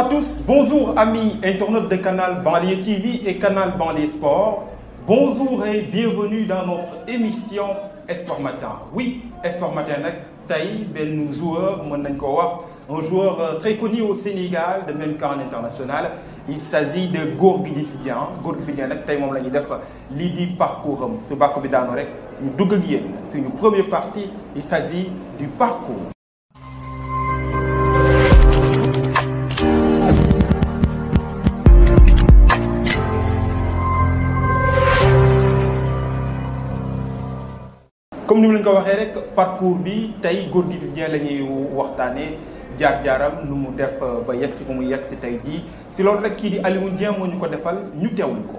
à tous, bonjour amis internautes de Canal Banlieue TV et Canal Banlieue Sport. Bonjour et bienvenue dans notre émission Esport Matin. Oui, Esport Matin avec Taï Benouzouer, un joueur euh, très connu au Sénégal de même qu'en international il s'agit de Gorgui Dissidian. Gorgui est un joueur moom la parcours C'est su première partie il s'agit du parcours comme ni mu leen ko waxee rek parcours bi tey góor gi fi la ñuy waxtaanee jaar-jaaram nu mu def euh, ba yegg si ko mu yegg si tey jii si loolu rek kii di Alioune Dieng moo ñu ko defal ñu teewlu ko.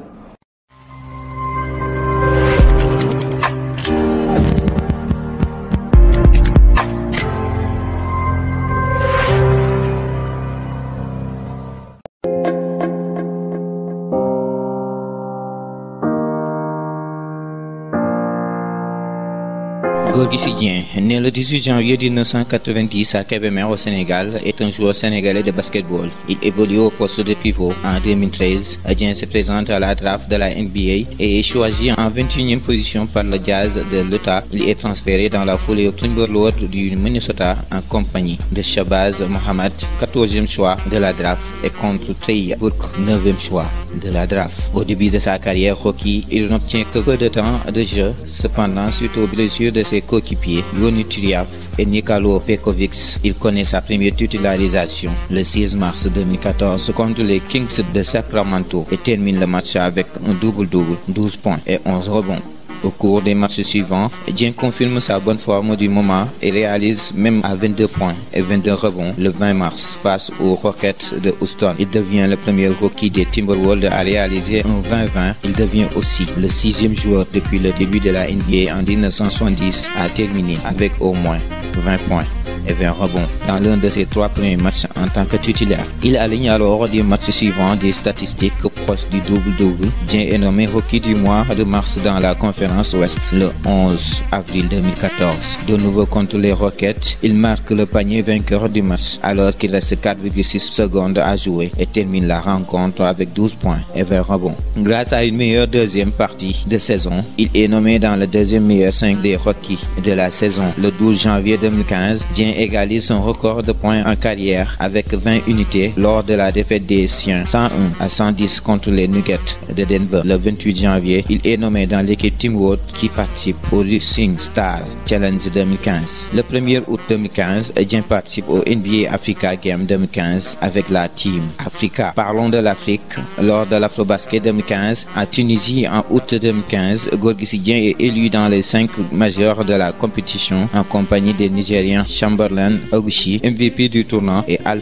né le 18 janvier 1990 à Kébémer au Sénégal, est un joueur sénégalais de basketball. Il évolue au poste de pivot en 2013. Adien se présente à la draft de la NBA et est choisi en 21e position par le Jazz de l'Utah. Il est transféré dans la foulée au Timberlord du Minnesota en compagnie de Shabazz Mohamed, 14e choix de la draft, et contre Trey Burke, 9e choix de la draft. Au début de sa carrière hockey, il n'obtient que peu de temps de jeu. Cependant, suite aux blessures de ses coachs, équipier Yoni et Nikalo Pekovic. Il connaît sa première titularisation le 6 mars 2014 contre les Kings de Sacramento et termine le match avec un double-double, 12 points et 11 rebonds. Au cours des matchs suivants, Jim confirme sa bonne forme du moment et réalise même à 22 points et 22 rebonds le 20 mars face aux Rockets de Houston. Il devient le premier rookie des Timberwolves à réaliser en 20 Il devient aussi le sixième joueur depuis le début de la NBA en 1970 à terminer avec au moins 20 points et 20 rebonds dans l'un de ses trois premiers matchs en tant que titulaire. Il aligne alors du match suivant des statistiques proches du double-double, bien nommé rookie du mois de mars dans la conférence Ouest le 11 avril 2014. De nouveau contre les Rockets, il marque le panier vainqueur du match alors qu'il reste 4,6 secondes à jouer et termine la rencontre avec 12 points et 20 rebonds. Grâce à une meilleure deuxième partie de saison, il est nommé dans le deuxième meilleur 5 des rookies de la saison. Le 12 janvier 2015, Jane égalise son record de points en carrière avec 20 unités lors de la défaite des siens 101 à 110 contre les Nuggets de Denver. Le 28 janvier, il est nommé dans l'équipe Team World qui participe au Rising Star Challenge 2015. Le 1er août 2015, il participe au NBA Africa Game 2015 avec la Team Africa. Parlons de l'Afrique. Lors de l'Afrobasket 2015, à Tunisie en août 2015, Gorgissi est élu dans les 5 majeurs de la compétition en compagnie des Nigériens Chamba berlin, MVP du tournoi, et Al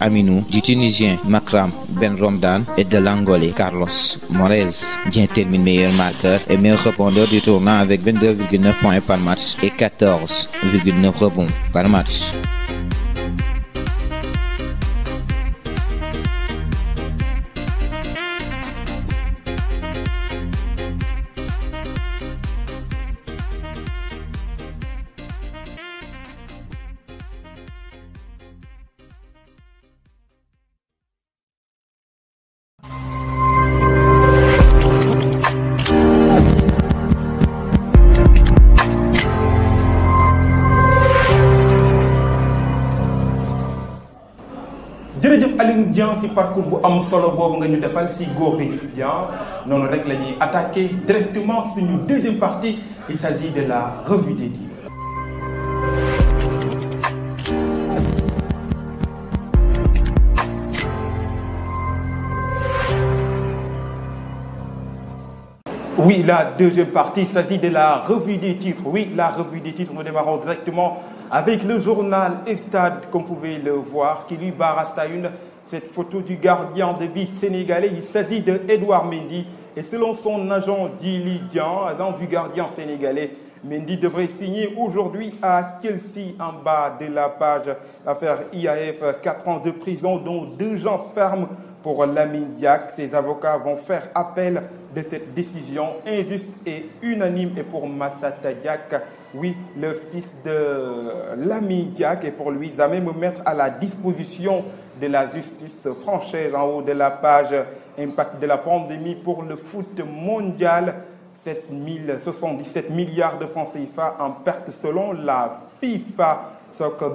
Aminou, du Tunisien Makram Ben Romdan et de l'Angolais Carlos Morales. bien termine meilleur marqueur et meilleur rebondeur du tournoi avec 22,9 points par match et 14,9 rebonds par match. bien c'est si parcours bu am solo boobu nga ñu defal si góor gi si non, noonu rek la attaqué directement suñu deuxième partie il s'agit de la revue des titres. Oui, la deuxième partie s'agit de la revue des titres. Oui, la revue des titres, nous démarrons directement avec le journal Estade, comme vous pouvez le voir, qui lui barre à une cette photo du gardien de vie sénégalais, il s'agit de Edouard Mendy. Et selon son agent Dili agent du gardien sénégalais, Mendy devrait signer aujourd'hui à Chelsea en bas de la page. Affaire IAF, 4 ans de prison, dont 2 ans fermes pour Lamine Ses avocats vont faire appel de cette décision injuste et unanime. Et pour Massa Tadiak, oui, le fils de Lamine et pour lui, jamais me mettre à la disposition de la justice française en haut de la page Impact de la pandémie pour le foot mondial. 77 milliards de francs CFA en perte selon la FIFA. Soccer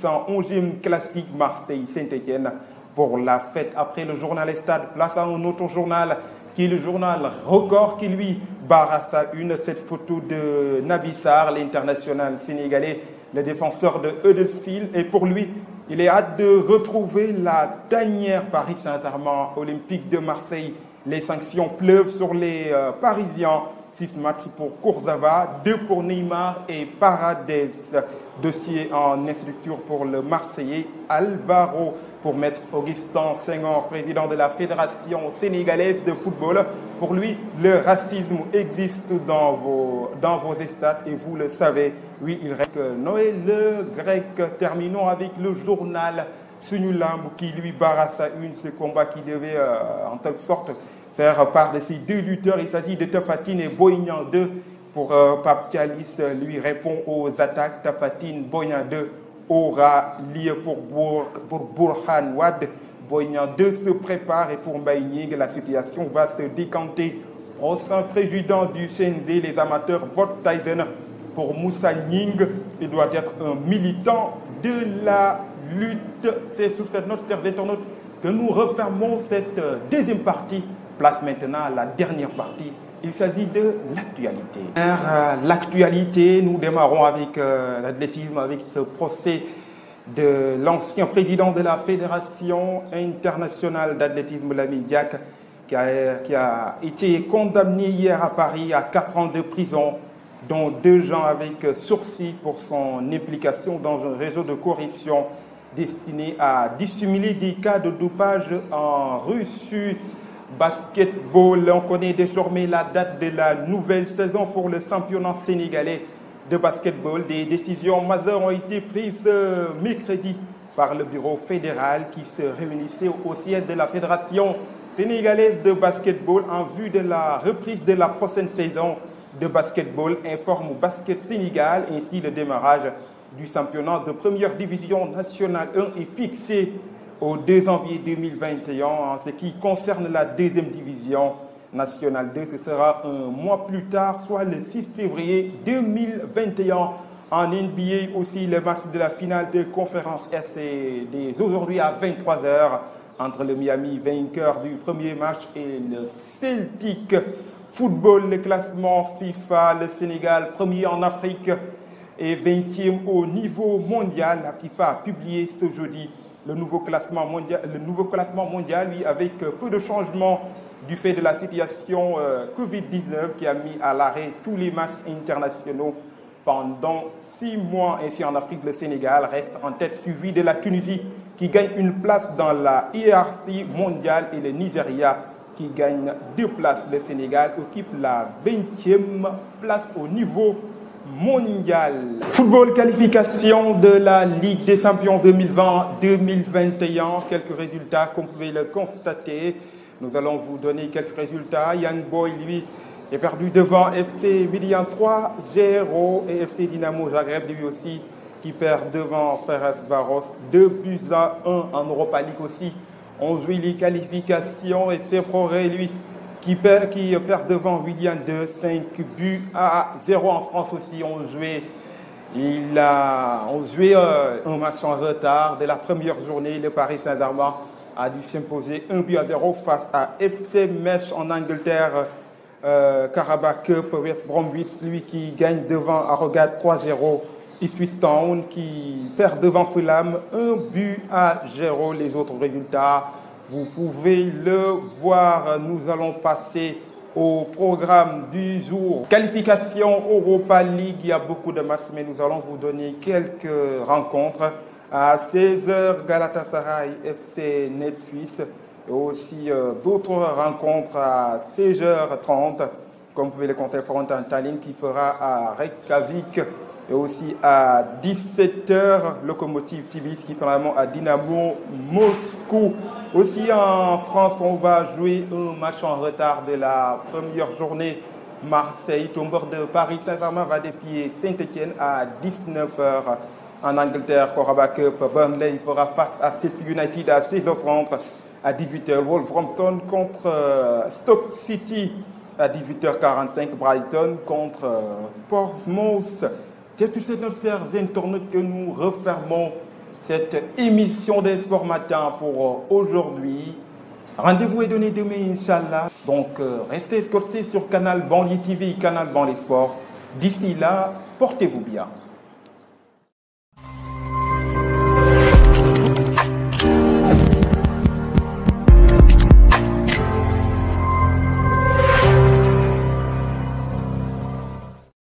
sans 111e classique Marseille-Saint-Etienne pour la fête. Après le journal Estade, place à un autre journal qui est le journal Record qui lui barre à une cette photo de Nabissar, l'international sénégalais, le défenseur de Huddersfield. Et pour lui, il est hâte de retrouver la dernière Paris Saint-Germain olympique de Marseille. Les sanctions pleuvent sur les euh, Parisiens. Six matchs pour Courzava, deux pour Neymar et Paradès. Dossier en instructure pour le Marseillais Alvaro pour Maître Augustin Senghor, président de la Fédération sénégalaise de football. Pour lui, le racisme existe dans vos, dans vos stades et vous le savez. Oui, il reste Noël le grec. Terminons avec le journal Sunulam qui lui barrasse à une ce combat qui devait euh, en toute sorte faire part de ces deux lutteurs. Il s'agit de Tafatine et Boignan 2. Pour euh, lui répond aux attaques. Tafatine, Boignan 2 aura lieu pour, pour Burhan Wad. Voyant deux se prépare et pour Mbaïnig, la situation va se décanter. Au Prochain président du Shenzhen, les amateurs votent Tyson pour Moussa Nying. Il doit être un militant de la lutte. C'est sous cette note, chers note que nous refermons cette euh, deuxième partie Place maintenant à la dernière partie. Il s'agit de l'actualité. Euh, l'actualité, nous démarrons avec euh, l'athlétisme, avec ce procès de l'ancien président de la Fédération internationale d'athlétisme, la médiaque qui a, qui a été condamné hier à Paris à 4 ans de prison, dont 2 ans avec sursis pour son implication dans un réseau de corruption destiné à dissimuler des cas de dopage en Russie. Basketball, on connaît désormais la date de la nouvelle saison pour le championnat sénégalais de basketball. Des décisions majeures ont été prises euh, mercredi par le bureau fédéral qui se réunissait au siège de la Fédération sénégalaise de basketball en vue de la reprise de la prochaine saison de basketball, informe Basket Sénégal. Ainsi, le démarrage du championnat de première division nationale 1 est fixé au 2 janvier 2021 en ce qui concerne la deuxième division nationale 2. Ce sera un mois plus tard, soit le 6 février 2021. En NBA aussi, le match de la finale de conférence Est aujourd'hui à 23h entre le Miami vainqueur du premier match et le Celtic Football. Le classement FIFA, le Sénégal premier en Afrique et 20e au niveau mondial. La FIFA a publié ce jeudi le nouveau classement mondial, le nouveau classement mondial oui, avec euh, peu de changements du fait de la situation euh, Covid-19 qui a mis à l'arrêt tous les matchs internationaux pendant six mois. Ainsi, en Afrique, le Sénégal reste en tête suivi de la Tunisie qui gagne une place dans la IRC mondiale et le Nigeria qui gagne deux places. Le Sénégal occupe la 20e place au niveau mondial. Football qualification de la Ligue des Champions 2020-2021. Quelques résultats, comme vous pouvez le constater. Nous allons vous donner quelques résultats. Yann Boy, lui, est perdu devant FC Milan 3, 0 et FC Dynamo Zagreb, lui aussi, qui perd devant Ferres varos 2 buts à 1 en Europa League aussi. On jouit les qualifications et c'est progrès, lui, qui perd, qui devant William 2 5 buts à 0 en France aussi. On jouait, il a, on euh, un match en retard de la première journée. Le Paris Saint-Germain a dû s'imposer 1 but à 0 face à FC Match en Angleterre. Euh, Carabao Cup, West lui qui gagne devant Arrogate 3-0. Ipswich Town qui perd devant Fulham 1 but à 0. Les autres résultats. Vous pouvez le voir, nous allons passer au programme du jour. Qualification Europa League, il y a beaucoup de masse mais nous allons vous donner quelques rencontres. À 16h, Galatasaray FC Netflix et aussi euh, d'autres rencontres à 16h30, comme vous pouvez le constater, Front Tallinn qui fera à Reykjavik et aussi à 17h, Locomotive Tibis qui fera à Dynamo Moscou. Aussi en France, on va jouer un match en retard de la première journée. Marseille, tombeur de Paris Saint-Germain, va défier Saint-Etienne à 19h. En Angleterre, Coraba Cup, Burnley fera face à Sheffield United à 16h30. À 18h, Wolverhampton contre euh, Stoke City. À 18h45, Brighton contre Portsmouth. Euh, C'est sur cette note, internautes, que nous refermons cette émission des sports matin pour euh, aujourd'hui. Rendez-vous est donné demain, Inch'Allah. Donc, euh, restez scotchés sur Canal Bandit TV, Canal Bandit Sport. D'ici là, portez-vous bien.